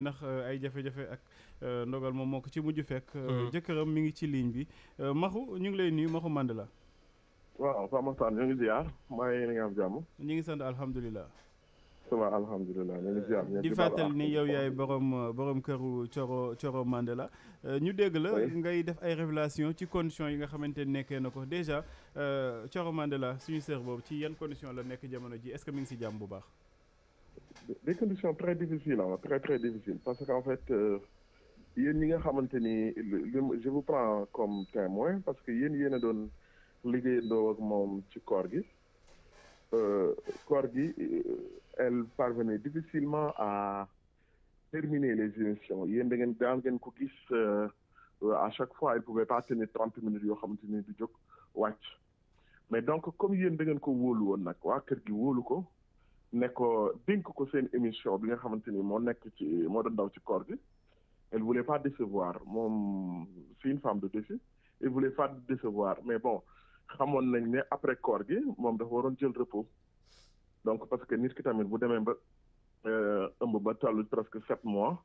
ndax euh, ay jafe-jafe ak euh, ndogal moom moo ko ci mujj fekk. Euh, mm-hmm. jëkkëram mi ngi ci ligne bi Maxu ñu ngi lay nii Maxu Mandela. la Pape Makhtar ñu ngi ziar ngi nga am jàmm. ñu ngi sant alhamdulilah. ça di fàttali ni yow yaay borom borom këru Coro Coro Mandela. ñu dégg la ngay def ay révélation ci condition yi nga xamante ne nekkee na ko déjà Coro Mandela suñu sœur boobu ci yan condition la nekk jamono ji est-ce mi ngi si jàmm bu baax. des conditions très difficiles ah très très difficiles parce qu'en fait euh, yéen li nga xamante ni je vous prends comme témoin parce que yéen yéen a doon liggéeyandoo ak moom ci koor gi euh, koor gi euh, elle parvenait difficilement à terminer les émissions yéen da ngeen daan ngeen ko gis à chaque fois elle pouvait pas tenir trente minutes yoo xamante ni du jog wàcc mais donc comme yéen da ngeen ko wóolu woon nag waa kër gi wóolu ko ne ko dénk ko seen émission bi nga xamante ni moo nekk ci moo de ndaw ci koor gi elle voulait pas décevoir moom c'est une femme de défi elle voulait pas décevoir mais bon xamoon nañ ne après koor gi moom dafa waroon jël repos donc parce que nit ki tamit bu demee ba euh, ëmb ba tollu presque sept mois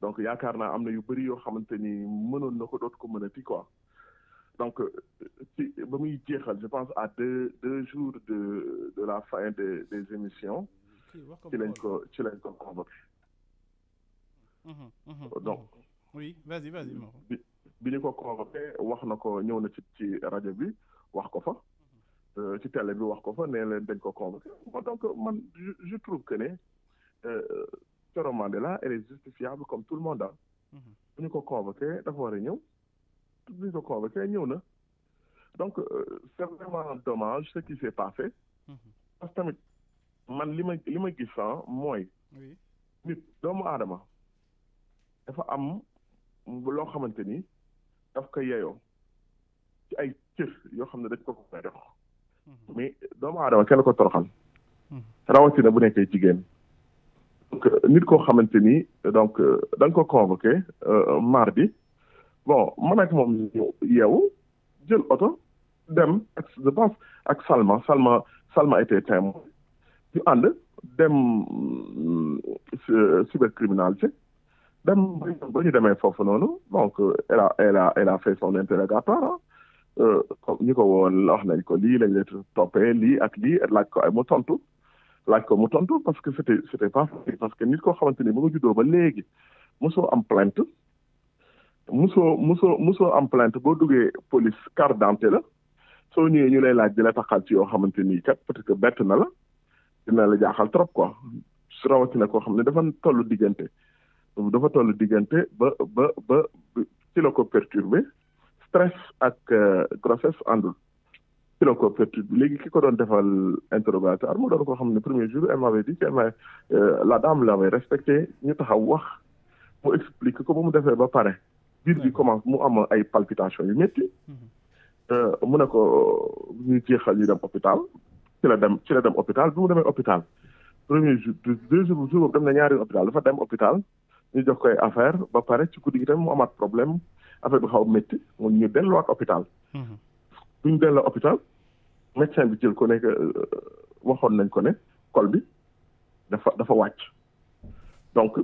donc yaakaar naa am na yu bëri yoo xamante ni mënoon na ko doot ko mënati quoi donc ci euh, ba muy jeexal je pense à deux deux jours de de la fin des des émissions ci lañ ko ci lañ ko convoqué mm-hmm, mm-hmm, donc mm-hmm. oui vas bi ñu ko convoqué wax na ko ñëw na ci ci rajo bi wax ko fa euh, ci télé bi wax ko fa ne leen dañ ko convoqué donc man je trouve que ne euh, Thioro Mandela elle est justifiable comme tout le monde ah bu ñu ko convoqué dafa war a ñëw toutes les convoquées ñëw na donc euh, c'est vraiment dommage ce qui s'est passé mhm. parce tamit man li ma li ma gis mooy nit doomu aadama dafa am loo xamante ni daf ko yeyoo ci ay cër yoo xam ne dañ ko ko may mhm. mais doomu aadama kenn ko toroxal mhm. rawatina bu nekkee jigéen euh, nit koo xamante ni donc euh, da nga ko convoqué bi bon man ak moom yeewu jël oto dem ak je pense ak Salma Salma Salma était témoin ñu ànd dem euh, euh, cybercriminalité dem ba ñu demee foofu noonu donc euh, elle a elle a elle a fait son interrogatoire comme ko woon wax nañ ko lii lañ lay toppee lii ak lii laaj ko ay mu tontu laaj ko mu tontu parce que c'était c'était pas parce que nit koo xamante ni ba ko juddoo ba léegi mosoo am plainte musoo musoo musoo am plainte boo duggee police carte d'identité la soo ñëwee ñu lay laaj di la taxal ci yoo xamante nii kat parce que bett na la dina la jaaxal trop quoi rawatina koo xam ne dafa tollu diggante dafa toll diggante ba ba ba ci la ko perturbé stress ak euh, grossesse àndul ci la ko perturbé léegi ki ko doon defal interrogatoire mu doon ko xam ne premier jour elle m'avait dit que euh, la dame l'avait respecté ñu taxaw wax mu explique ko ba mu defee ba pare biir bi commence mu am ay palpitations yu métti mhm. euh, mu ne ko ñu jeexal ñu dem hôpital ci la dem ci la dem hôpital bi mu demee hôpital premier jour deux jours jour boobu dem na ñaari hôpital dafa dem hôpital ñu jox koy affaire ba pare ci guddi gi tamit mu amaat problème affaire bi xaw a métti mu ñu delluwaat hôpital duñ mhm. delloo hôpital médecin bi jël ko nekk euh, waxoon nañ ko ne kol bi dafa dafa wàcc donc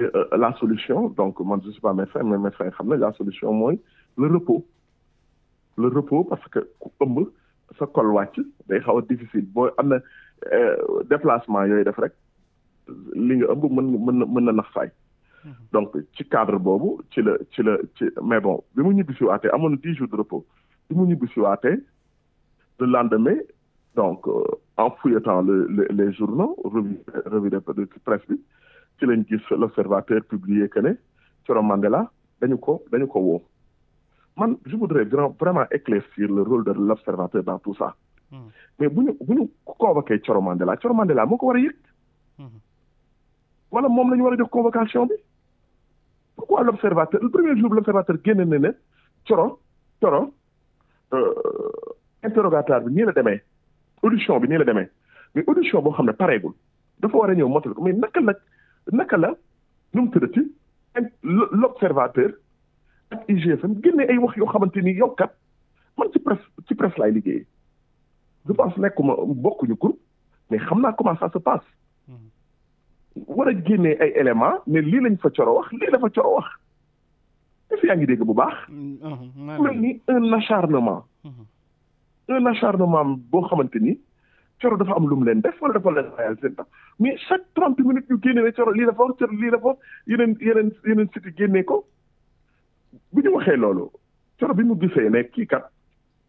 Euh, euh, la solution donc man je suis pas médecin mais médecin yi xam ne la solution mooy le repos le repos parce que ku ëmb sa kol wàcc day xaw a difficile boo am na euh, déplacement yooyu def rek li nga ëmb mën mën na mën na nax saay mhm. donc ci cadre boobu ci la ci la ci mais bon bi mu ñibbi siwaatee amoon na dix jours de repos bi mu ñibbi siwaatee le lendemain donc en fouillant le les journaux revue revue de presse bi ci lañ gis l'observateur publier que ne Coro Mandela dañu ko dañu ko woo man je voudrais grand vraiment éclaircir le rôle de l'observateur dans tout ça hmm. mais bu ñu bu ñu convoqué Coro Mandela Coro Mandela moo ko war a yëg hmm. wala moom lañu war a jox convocation bi pourquoi l'observateur le premier jour l'observateur génne na ne Coro Coro euh, interrogatoire bi nii la demee audition bi nii la demee mais audition boo xam ne pareegul dafa war a ñëw motal ko naka la nu mu tëddati l' observateur ak IGFM génne ay wax yoo xamante ni yow kat man ci presse ci presse laay liggéeyee je pense nekkuma bokkuñu groupe mais xam naa comment sa se passe mm-hmm. war génne ay éléments mais lii lañ fa coro wax lii la fa coro wax daf yaa ngi dégg bu baax mm-hmm. Mm-hmm. mel ni un acharnement un acharnement boo xamante ni Coro dafa am lu mu leen def wala dafa leen fayal seen tax mais chaque trente minutes ñu génne ne Coro lii la fa wax Coro lii la fa yeneen yeneen yeneen siti ko bu ñu waxee loolu Coro bi mu gisee ne kii kat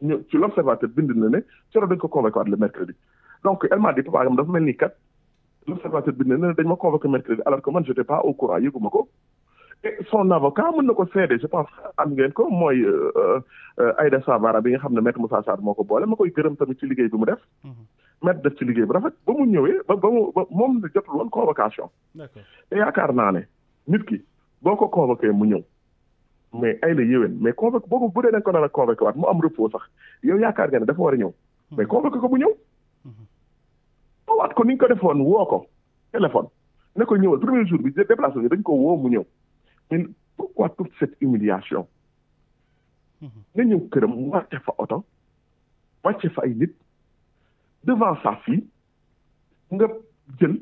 ñu ci l'observateur bind na ne Coro dañ ko convoqué waat le mercredi donc elle m'a dit papa am dafa mel ni kat l'observateur bind na ne dañ ma convoqué mercredi alors que man j'étais pas au courant yëguma ko et son avocat mën na ko seede je pense am ko mooy euh, euh, Aïda Savara bi nga xam ne maître Moussa moo ko boole ma koy gërëm tamit ci liggéey bi mu def mm-hmm. mettre def ci liggéey bu rafet ba mu ñëwee ba ba mu ba moom la jotul woon convocation. te yaakaar naa ne nit ki boo ko convoqué mu ñëw. mais ay la yéwén mais convoqué boo ko bu dee da nga ko nar a convoqué waat mu am repos sax yow yaakaar nga ne dafa war a ñëw. Hmm. mais convoqué ko bu ñëw. woowaat hmm. ko ni ko defoon woo ko téléphone ne ko ñëwal premier jour bi déplacé bi dañ ko woo mu ñëw mais pourquoi toute cette humiliation. Hmm. nga ñëw këram wàcce fa oto wàcce fa ay nit. devant sa fille nga jël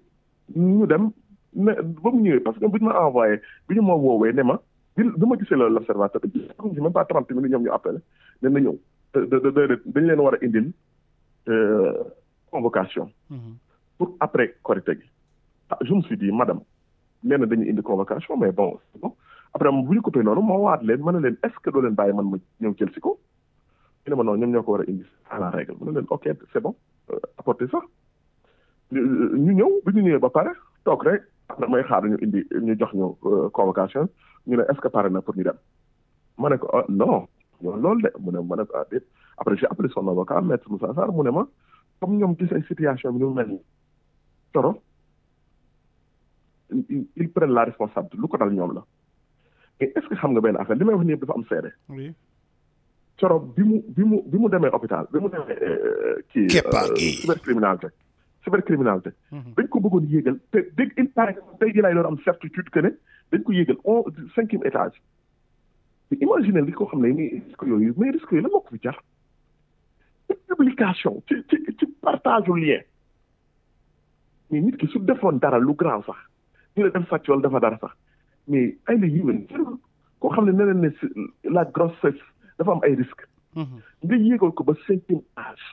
ñu dem ne ba mu ñëwee parce que bu ñu ma envoyé bi ñu ma woowee ne ma bi ma gisee la l'observateur bi même pas trente minutes ñoom ñu appelé ne na ñëw dañ leen war a indil euh, convocation mm-hmm. pour après Korité gi ah je me suis dit madame nee na dañuy indi convocation mais bon bon après bu ñu coupé noonu ma waat leen ma ne leen est doo leen bàyyi man ma ñëw jël si ko ñu ne ma noonu ñoom ñoo ko war a indi à la règle ma ne leen ok c'est bon apporter ça ñu ñëw bi ñu ñëwee ba pare toog rek na may xaar ñu indi ñu jox ñu euh, convocation ñu ne est-ce que pare na pour ñu dem ma ne ko ah, non ñoom loolu de mu ne ma ne ko ah, déet après j'ai appelé son avocat maître Moussa Sarr mu ne ma comme ñoom gis ay situation bi ñu mel ni toro ils prennent la responsabilité lu ko dal ñoom la est-ce que xam nga benn affaire li may wax nii yëpp dafa am seede coro bi mu bi mu bi mu demee hôpital bi mu demee euh, euh, kii euh, cybercriminalité cybercriminalité mhm. dañ ko bëggoon yéegal te dégg il paraît tey ji laay am certitude que ne dañ ko yéegal on cinquième étage mais imagine li ko xam ne ni risque yooyu mais risque yooyu la moo ko fi jar ci publication ci lien mais nit ki su defoon dara lu grand sax ñu ne def sàcc dafa dara sax mais ay la yiwén koo xam ne ne leen ne la grossesse dafa am ay risques. Mhm. nga yéegal ko ba cinquième âge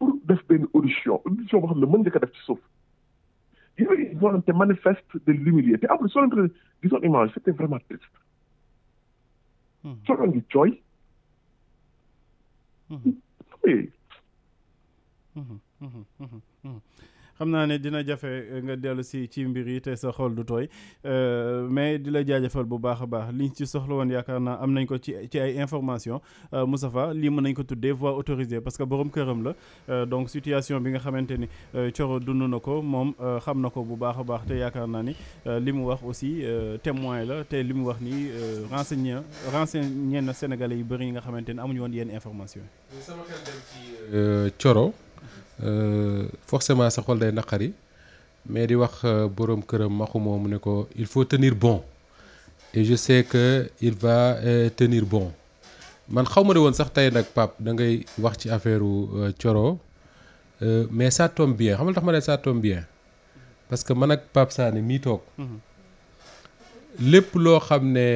pour def benn audition audition boo xam ne mën nga ko def ci suuf il y avait une volonté manifeste de l'humilier te après soo leen gisoon image c'était vraiment triste. Mhm. soo leen di jooy. Mhm. oui. xam naa ne dina jafe eh, nga dellu si ci mbir yi te sa xol du tooy euh, mais di la jaajëfal bu baax a baax liñ ci soxla woon yaakaar naa am nañ ko ci ci ay information euh, Moustapha lii mën nañ ko tuddee voie autorisé parce que borom këram la euh, donc situation bi nga xamante ni Coro dund na ko moom xam na ko bu baax a baax te yaakaar naa ni li mu wax aussi témoin la tey li mu wax nii renseigné renseigné na Sénégalais yu bëri yi nga xamante ni amuñu woon yenn information yi. Euh, forcément sa xol day naqari mais di wax euh, boroom këram maxu moomu ne ko il faut tenir bon et je sais que il va euh, tenir bon man xaw ma ne woon sax tey nag Pape da ngay wax ci affaire Thioro mais ça tombe bien xam tax ma ne ça bien parce que man ak Pape Sané mii toog mhm. lépp loo xam ne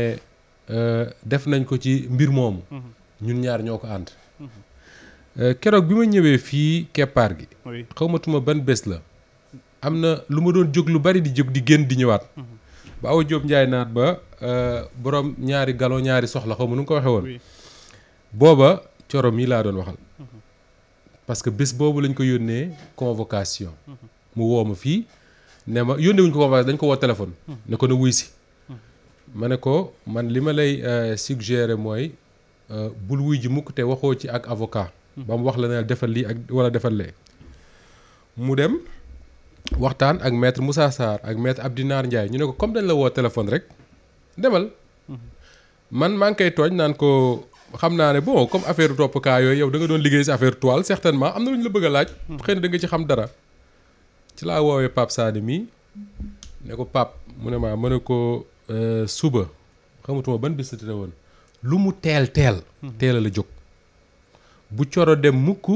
def nañ ko ci mbir moomu mhm. ñun ñaar ñoo ko ànd mhm. Euh, keroog bi ma ñëwee fii keppaar gi. xawmatuma ban bés la. am na lu ma doon jóg lu bari di jóg di génn di ñëwaat. Mhm. ba aw Diop njaay naat ba euh, borom ñaari galo ñaari soxla xaw ma nu nga ko waxee woon. booba coro mii laa doon waxal. Mhm. parce que bés boobu lañ ko yónnee convocation. Mhm. mu woo ma fii ne ma yónnee wuñ ko convocation dañ ko woo téléphone. ne ko na wuy si. ma ne ko man li ma lay euh, suggérer mooy bul wuy ji mukk te waxoo ci ak avocat. ba mu wax la ne defal lii ak wala defal le mu dem waxtaan ak maître Moussa Sarr ak maître Abdinar Ndiaye ñu ne ko comme dañ la woo téléphone rek demal man maa kay koy tooñ naan ko xam naa ne bon comme affaire topp kaa yooyu yow danga doon liggéey si affaire toile certainement am na lu ñu la bëgg a laaj. Hmm. xëy na nga ci xam dara. ci laa woowee Pape Sadi mii ne ko Pape mu ne maa ma ne ko euh, suba xamatuma ban bis la woon lu mu teel teel. Hmm. teelal a jóg. bu coro dem mukk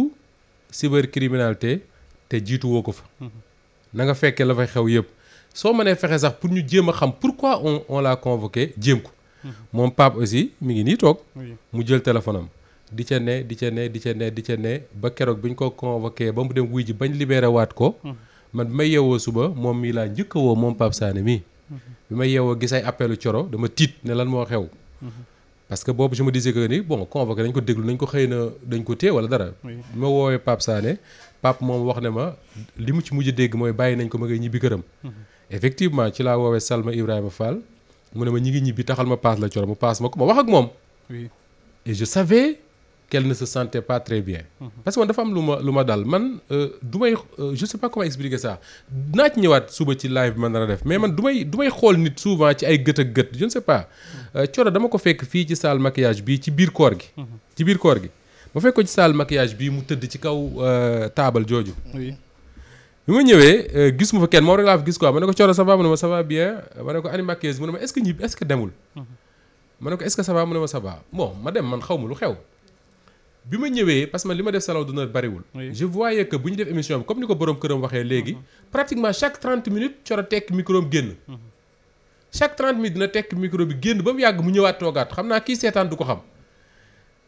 cybercriminalité te jiituwoo ko fa. Mhm. na nga fekkee la fay xew yëpp. soo mënee fexe sax pour ñu jéem a xam pourquoi on on l'a convoqué jéem ko. Mhm. moom Pape aussi mi ngi nii toog. mu jël téléphone am. di ca ne di ca ne di ca ne di ca ne ba keroog bi ñu ko convoqué ba mu dem wuy ji bañ libéré waat ko. Mhm. man bi may yeewoo suba moom mii laa njëkk moom Pape Sané mii. bi ma yeewoo gis ay appelu coro dama tiit ne lan moo xew. parce que boobu je me disais que ni bon convoqué dañ ko déglu nañ ko xëy na dañ ko téye wala dara. bi ma woowee Pape Sané Pape moom wax ne ma li mu ci mujj dégg mooy bàyyi nañ ko ma ngay ñibbi këram. Mhm. effectivement ci laa woowee Salma Ibrahima faal mu ne ma ñi ngi ñibbi taxal ma paas la coro mu paas ma ko ma wax ak moom. oui je savais. qu'elle ne se sentait pas très bien. Mhm. parce man dafa am lu ma lu ma dal man euh, du may euh, je sais pas comment expliquer ça naa ci ñëwaat suba ci live bi ma nar a def mais man du may du may xool nit souvent ci ay gët ak gët je ne sais pas. Coro mhm. euh, dama ko fekk fii ci salle maquillage bii ci biir koor gi. Mhm. ci biir koor gi ma fekk ko ci salle maquillage bi mu tëdd ci kaw taabal jooju. bi ma ñëwee gis mu fa kenn moom rek laa fa gis quoi ma ne ko Coro ça va mu ne ma ça bien ma ne ko ani mu ne ma xaw ma lu xew. bi ma ñëwee parce que li ma def salon d'honneur bariwul je voyais que bu ñu def émission bi comme ni ko borom këram waxee léegi mhm. pratiquement chaque trente minutes coro tekk micro am génn mhm. dina tekk micro bi génn ba mu yàgg mu ñëwaat toogaat xam naa kii seetaan du ko xam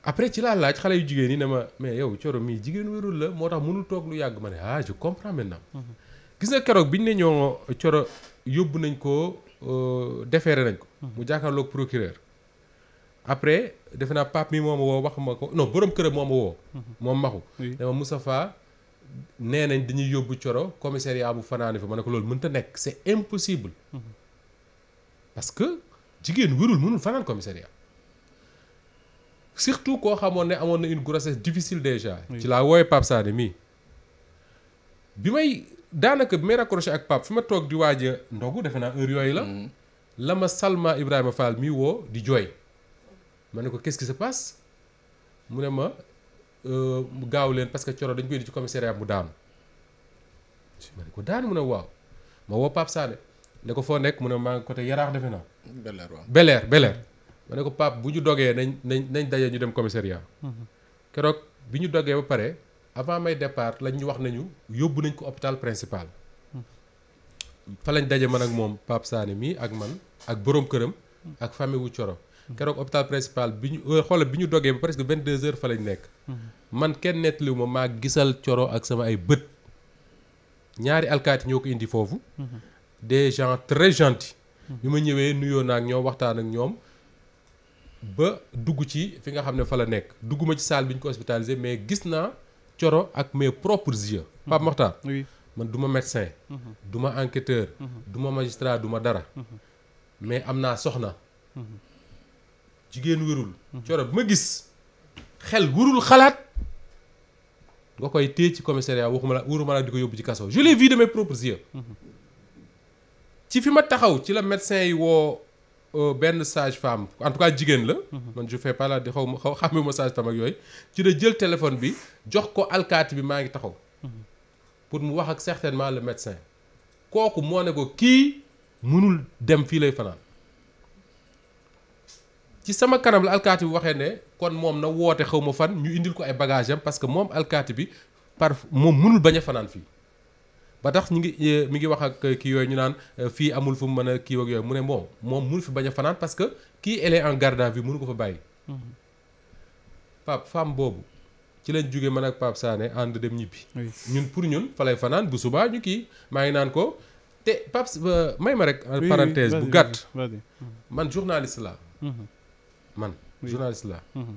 après ci laa laaj xale yu jigéen yi ne ma mais yow coro mii jigéen wérul la moo tax mënul toog lu yàgg ma ne ah je comprends maintenant mhm. gis nga keroog bi ñu ne ñoo coro yóbbu nañ ko euh, defeere nañ ko mu jàkkaarloog procureur après defe naa pape mi moom ma woo wax ma ko no boroom këram moo ma woo. Mhm. moom maxu dama Moustapha nee nañ dañuy yóbbu Coro commissariat bu fanaane fa ma ne ko loolu mënta nekk c'est impossible. Mhm. parce que jigéen wérul mënul fanaan commissariat. surtout koo xamoon ne amoon na une grossesse difficile déjà. ci laa wooyee Pape Sané mii. bi may daanaka bi may raccroché ak Pape fi ma toog di waaj a ndogu defe naa heure yooyu la. Mhm. la ma Salma Ibrahima Fall mii woo di jooy. ma ne ko qu'est-ce qui se passe mu ne ma euh, mu gaaw leen parce que Coro dañ koy indi ci commissariat mu daanu ko daanu mu ne waaw ma woo Pape ne ko foo nekk mu ne maa ngi côté Yaraax defe naa. Bel-Air waaw bel ma ne ko Pape bu ñu dogee nañ nañ nañ daje ñu dem commissariat. Mhm. keroog bi ñu dogee ba pare avant may départ lañ ñu wax nañu yóbbu nañ ko hôpital principal. Mhm. fa lañ daje man ak moom Pape Sané mii ak man ak boroom këram. ak famille wu Coro. keroog hôpital principal bi ñu euh, xoolal bi ñu dogee ba presque vingt deux heures fa lañ nekk. Mhm. man kenn nettaliwu ma maa gisal coro ak sama ay bët. ñaari alkaati ñoo ko indi foofu. Mhm. des gent très gentils. Mhm. bi ma ñëwee nuyoo naa ak ñoo waxtaan ak ñoom. ba dugg ci fi nga xam ne fa la nekk dugguma ci saal bi ñu ko hospitalisé mais gis naa coro ak mes propres yeux. Pape man du ma médecin. du ma enquêteur. du ma magistrat du ma dara. mais am naa soxna. jigéen wérul coro bu ma gis xel wérul xalaat nga koy téye ci commissariat waxuma la wóoruma la di ko yóbbu ci kaso je l'ai vu de mes propres yeux ci fi ma taxaw ci la médecin yi woo euh, benn sage femme en tout cas jigéen la man je fais pas di xaw ma xaw xamee ma sage femme ak yooyu ci la jël téléphone bi jox ko alkaati bi maa ngi taxaw pour mu wax ak certainement le médecin kooku moo ne ko kii mënul dem fii lay fanaan ci sama kanam la alkaati bi waxee ne kon moom na woote xaw ma fan ñu indil ko ay bagage am parce que moom alkaati bi par moom mënul bañ a fanaan fii ba tax ñu ngi euh, mi ngi wax ak kii yooyu ñu naan euh, fii amul fu mu mën a kii ak yooyu mu ne moom moom mënul fi bañ fanaan parce que kii elle est en garde à vue mënu ko fa mm-hmm. femme boobu ci lañ jóge man ak Pape Sané ànd dem ñibbi ñun pour ñun fa fanaan bu subaa ñu kii maa ngi naan ko te Pape euh, may ma rek parenthèse bu gàtt man journaliste la mm-hmm. man journaliste la mhm.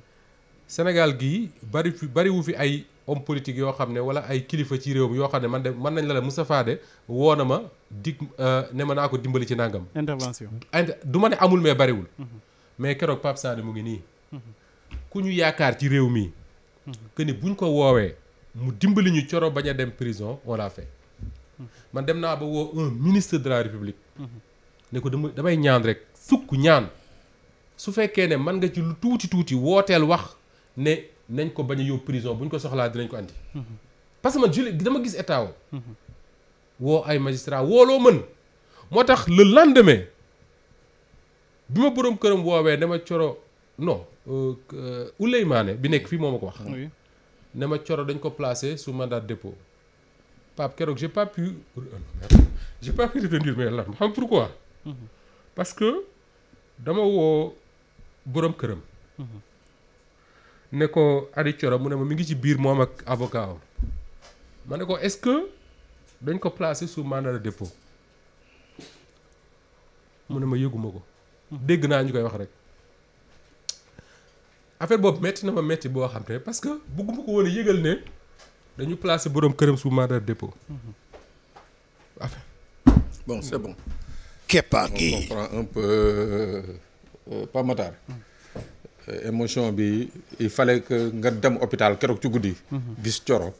Sénégal gii bari fi bari wu fi ay homme politique yoo xam ne wala ay kilifa ci réew mi yoo xam ne man de mën nañ la la Moustapha de woo na ma dig euh, ne ma naa ko dimbali ci nangam. intervention du ma ne amul mais bariwul. Mhm. mais keroog Pape Sané mu ngi nii. Mhm. ku ñu yaakaar ci réew mi. que ni buñ ko woowee mu dimbali ñu coro bañ a dem prison on l'a fait. man dem naa ba woo un ministre de la république. ne ko damay ñaan rek sukk ñaan. su fekkee ne man nga ci lu tuuti tuuti wooteel wax ne nañ ko bañ a yóbbu prison buñ ko soxlaa dinañ ko andi. parce que man juli dama gis état woo. woo ay magistrat loo mën. moo tax le lendemain bi ma borom këram woowee ne ma coro non euh, euh, Ouleymaane bi nekk fii moo ma ko wax. ne ma coro dañ ko placé sous mandat de dépôt. Pape Keroog j'ai pas pu euh, j'ai pas pu retenir mais lan xam pourquoi. Mhm. parce que dama woo. borom këram. Mhm. ne ko Ari Coro mu ne ma mi ngi ci biir moom ak avocat ma ne ko est-ce que dañ ko placer sous mandat de mu ne ma yëguma ko. Mhm. dégg naa ñu koy wax rek. affaire boobu metti na ma métti boo xam te parce que bugguma ko woon yëgal ne dañu placer boroom këram sous mandat de dépôt. Mhm. bon c'est mm. bon. keppaar gi Euh, pa Matar euh, émotion bi il fallait que nga dem hôpital keroog ci guddi. gis coro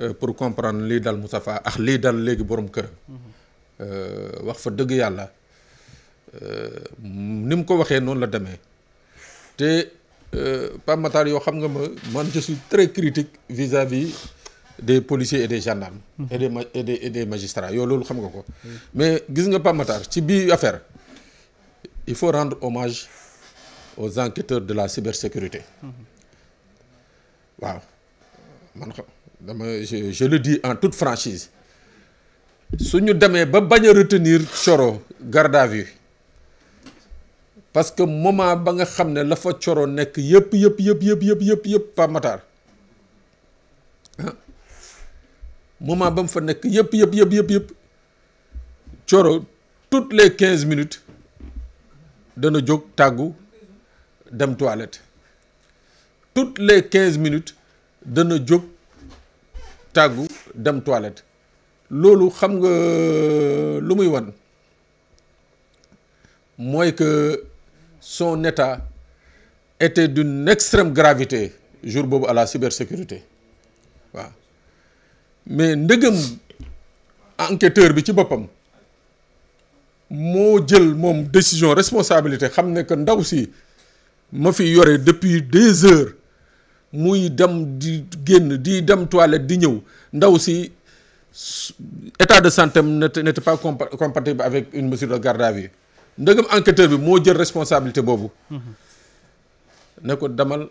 euh, pour comprendre lii dal Moustapha ak lii dal léegi boroom këram. wax fa dëgg yàlla ni mu ko waxee noonu la demee te Pa Matar yoo xam nga ma man je suis critique vis-à-vis des policiers et des gendarmes. Mm-hmm. et des et yoo loolu xam nga ko. mais gis nga Pa ci bii affaire. il faut rendre hommage aux enquêteurs de la cybersécurité waaw man xam dama je le di en toute franchise su ñu demee ba bañ a retenir Thioro garde à vue parce que moment ba nga xam ne la fa coro nekk yëpp yëpp yëpp yëpp yëpp yëpp yëpp Pape Matar ah moment ba mu fa nekk yëpp yëpp yëpp yëpp yëpp Thioro toutes les quinze minutes dana jóg tàggu dem toilette toutes les quinze minutes dana jóg tàggu dem toilette loolu xam nga euh, lu muy wan mooy que son état était d'une extrême gravité jour boobu à la cybersécurité waaw mais ndegam enquêteur bi ci boppam moo jël moom décision responsabilité xam ne que ndaw si ma fi yore depuis deux heures muy dem di génn di dem toilette di ñëw ndaw si état de santé am n'était pas compatible avec une mesure de garde à vue ndëgam enquêteur bi moo jël responsabilité boobu ne ko demal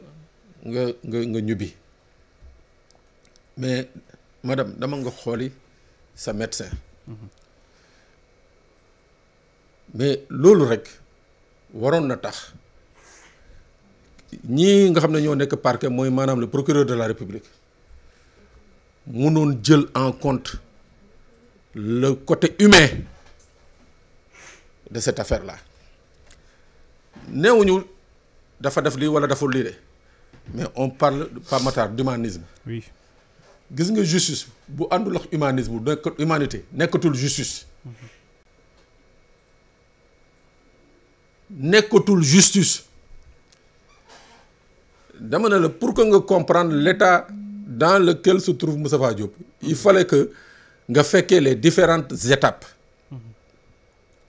nga nga nga ñubbi mais madame demal nga xooli sa médecin mais loolu rek waroon na tax ñii nga xam ne ñoo nekk parquet mooy maanaam le procureur de la république munoon jël en compte le côté humain de cette affaire là néewuñu dafa def lii wala deful lii de mais on parle pas matar d'humanisme oui gis nga justice bu àndul ak humanisme nekk humanité nekkatul justice. Mhm. nekkatul justice dama ne la pour que nga comprendre l'état dans lequel se trouve Moustapha Diop il fallait que nga fekkee les différentes étapes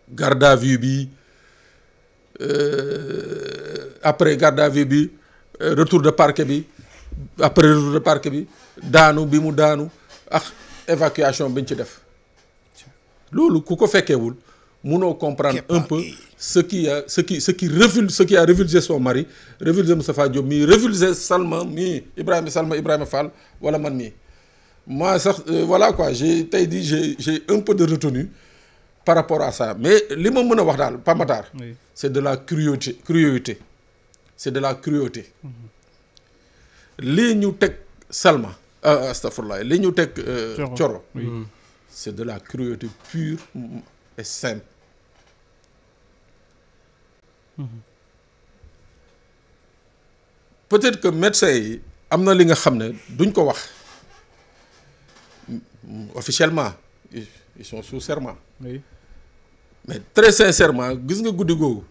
garde à vue bi euh, après garde à vue bi retour de parquet bi après retour de parquet bi daanu bi mu daanu ak évacuation biñ ci def loolu ku ko fekkewul munoo comprendre un peu ce qui a ce qui ce qui révulse ce qui a révulsé son mari révulsé Moustapha Diop mii révulsé Salma mii Ibrahima Salma Ibrahima Fall wala man nii moi sax euh, voilà quoi j'ai tey di j'ai un peu de retenue par rapport à ça mais li ma mën a wax daal Pamatar c'est de la cruauté cruauté c'est de la cruauté mm-hmm. lii ñu teg Salma euh, astafurlah li ñu teg euh, Thioro c'est de la cruauté pure et saine. être que médecins yi am na li nga xam ne duñ ko wax officiellement ils sont sous serment. Oui. mais très sincèrement gis nga guddi googu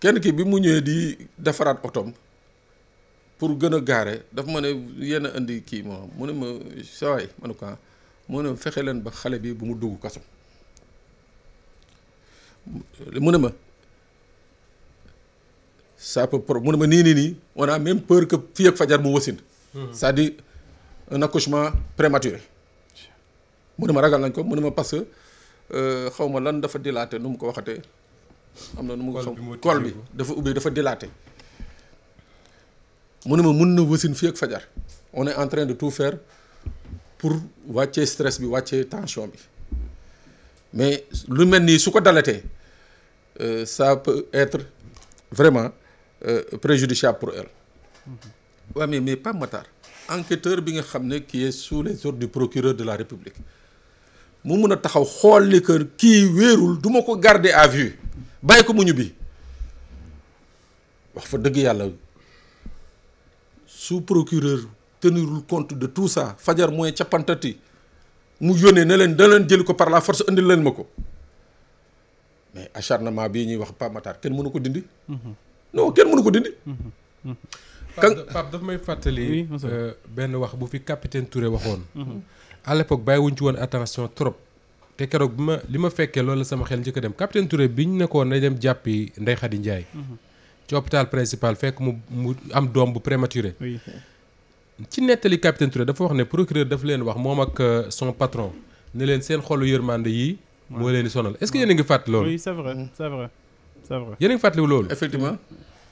kenn ki bi mu ñëwee di defaraat otom pour gën a gaare daf ma ne yenn indi kii moom mu ne ma saa waay mu ne fexe leen ba xale bi bu mu dugg kaso mu ne ma ça peut pro mu ne ma nii nii nii on a même peur que fii ak fajar mu wasin mhm. c'est-à-dire un mu ne ma ragal nañ ko mu ne ma parce que euh, xaw ma lan dafa dilaté nu mu ko waxatee am na nu mu ko xam col bi dafa ubbi dafa dilaate mu ne ma mun na wasin fii ak fajar on est de tout faire pour wàccee stress bi wàccee tension bi mais lu mel nii su ko dalatee euh, ça peut être vraiment euh, préjudiciable pour elle. waa mm-hmm. mais mais Pape Matar enquêteur bi nga xam ne kii est sous les ordres du procureur de la République mu mun a taxaw xool ni que kii wéerul duma ko garder à vue bàyyi ko mu ñibbi wax fa dëgg yàlla su procureur. tenirul compte de tout ça fajar mooy cappantati mu yónnee na leen da leen jëli ko par la force indil leen ma ko mais acharnement bii ñuy wax Pape Matar kenn mënu ko dindi. Mhm. non kenn mënu ko dindi. Mhm. Mhm. kan Pape daf may fàttali. Euh, benn wax bu fi capitaine Touré waxoon. à bàyyi bàyyiwuñ ci woon attention trop. te keroog bi ma li ma fekkee loolu la sama xel njëkk a dem capitaine Touré ñu nekkoon nañ dem jàppi Ndeye Khady Ndiaye. ci hôpital principal fekk mu mu am doom bu prématuré. ci nettali capitaine Touré dafa wax ne procureur dafa leen wax moom ak euh, son patron ne leen seen xolu yërmande yi. moo leen di sonal est-ce ngi fàttali loolu. oui c'est vrai c'est vrai loolu. effectivement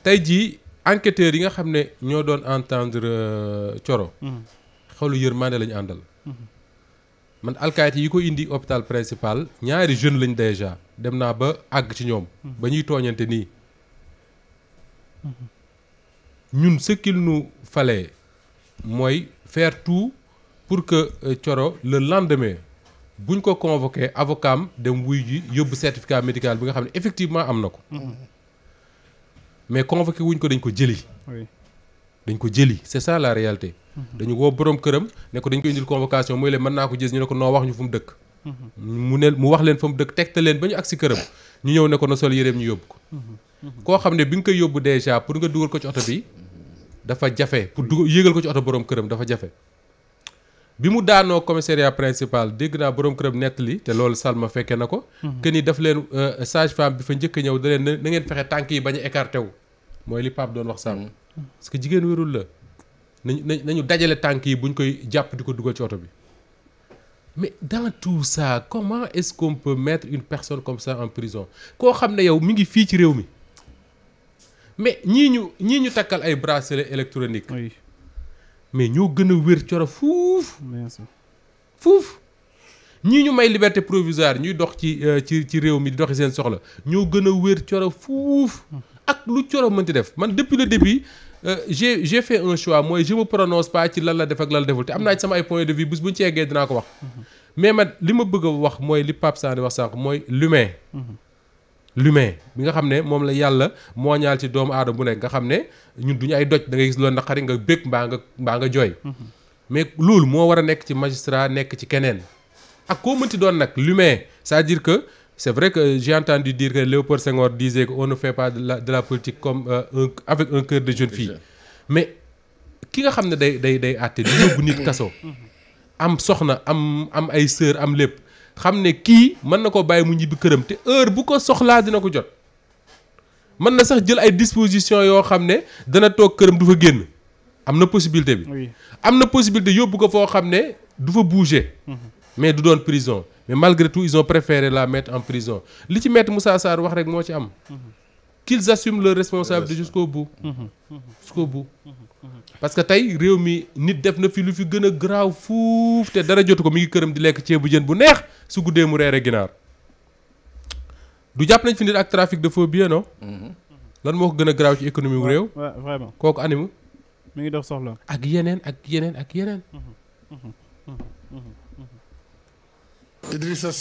tey jii enquêteurs yi nga xam ne ñoo doon entendre euh, Thioro. Mm-hmm. xolu yërmande lañu àndal. Mm-hmm. man alkaati yi ko indi hôpital principal ñaari jeune lañ déjà dem naa ba àgg ci ñoom. Mm-hmm. ba ñuy tooñante nii. ñun ce nu fale mooy faire tout pour que coro euh, le lendemain bu ñu ko convoqué avocat am dem wuy ji yóbbu certificat médical bi nga xam ne effectivement am na ko. Mm-hmm. mais convoqué wuñ ko dañ ko jëli. dañ ko jëli c'est ça la réalité. Mm-hmm. dañu woo borom këram ne ko dañ ko indil convocation mooy leen mën naa ko gis ñu ne ko noo wax ñu fu mu dëkk. Mm-hmm. mu ne mu wax leen fa mu dëkk tegtal leen ba ñu agsi këram ñu ñëw ne ko na sol yëreem ñu yóbbu ko. koo xam ne bi nga koy yóbbu déjà pour nga dugal ko ci oto dafa jafe pour dugg yéegal ko ci oto borom këram dafa jafe bi mu daanoo commissariat principal dégg naa borom këram li te loolu Salma fekke na ko. Mhm. que ni daf leen euh, sage femme bi fa njëkk ñëw da leen na ngeen fexe tànk yi bañ a écarté wu. mooy li Pape doon wax sànq. Mhm. parce que jigéen wérul la nañu nañu dajale tànk yi buñ koy jàpp di ko dugal ci oto bi. mais dans tout ça comment est-ce qu'on peut une personne comme ça en prison koo xam ne yow mi ngi fii ci réew mi. mais ñii ñu ñii ñu takkal ay bracelet électronique oui. mais ñoo gën a wér coro fuuf fuuf ñii ñu may liberté provisoire ñuy dox ci euh, ci ci réew mi di doxi seen soxla ñoo gën a wér coro fuuf hmm. ak lu coro mënti def man depuis le début Euh, j'ai j'ai fait un choix mooy je me prononce ci lan la def ak lan la deful te am naa ci sama ay point de vue bés bu ñu ci eggee dinaa ko wax hmm. mais man li ma bëgg a wax mooy li Pape Sane wax sànq mooy l'humain hmm. l'humain bi nga xam ne moom la yàlla moo mooñaal ci doomu aadama bu nekk nga xam ne ñun duñu ay doj da ngay gis loolu xari nga bég mbaa nga mbaa nga jooy mais loolu moo war a nekk ci magistrat nekk ci keneen ak koo mënti doon nag l'humain c'est-à-dire que c'est vrai que j'ai entendu dire que Léopold Senghor disait qu'on ne fait pas de la de la politique comme euh, un avec un cœur de jeune fille mais ki nga xam ne day day day àtte di yóbbu nit kaso am soxna am am ay sœur am lépp xam ne kii mën na ko bàyyi mu ñibbi këram te heure bu ko soxlaa dina ko jot mën na sax jël ay disposition yoo xam ne dana toog këram du fa génn am na possibilité bi am na possibilité yóbbu ko foo xam ne du fa bouger mhm. mais du doon prison mais malgré tout ils ont préféré la mettre en prison li ci mettre Moussa Sarr wax rek moo ci am mhm. qu'ils assument leur responsabilité jusqu'au bout mhm. Mhm. jusqu'au bout mhm. parce que tey réew mi nit def na fi lu fi gën a garaaw fuuf te dara jotu ko mi ngi këram di lekk ceebu jën bu neex su guddee mu reere ginaar du jàpp nañ fi nit ak trafic de faux billets lan moo ko gën a garaaw ci économie wu réew kooku animu mi ngi dox soxla ak yeneen ak yeneen ak yeneen Idrissa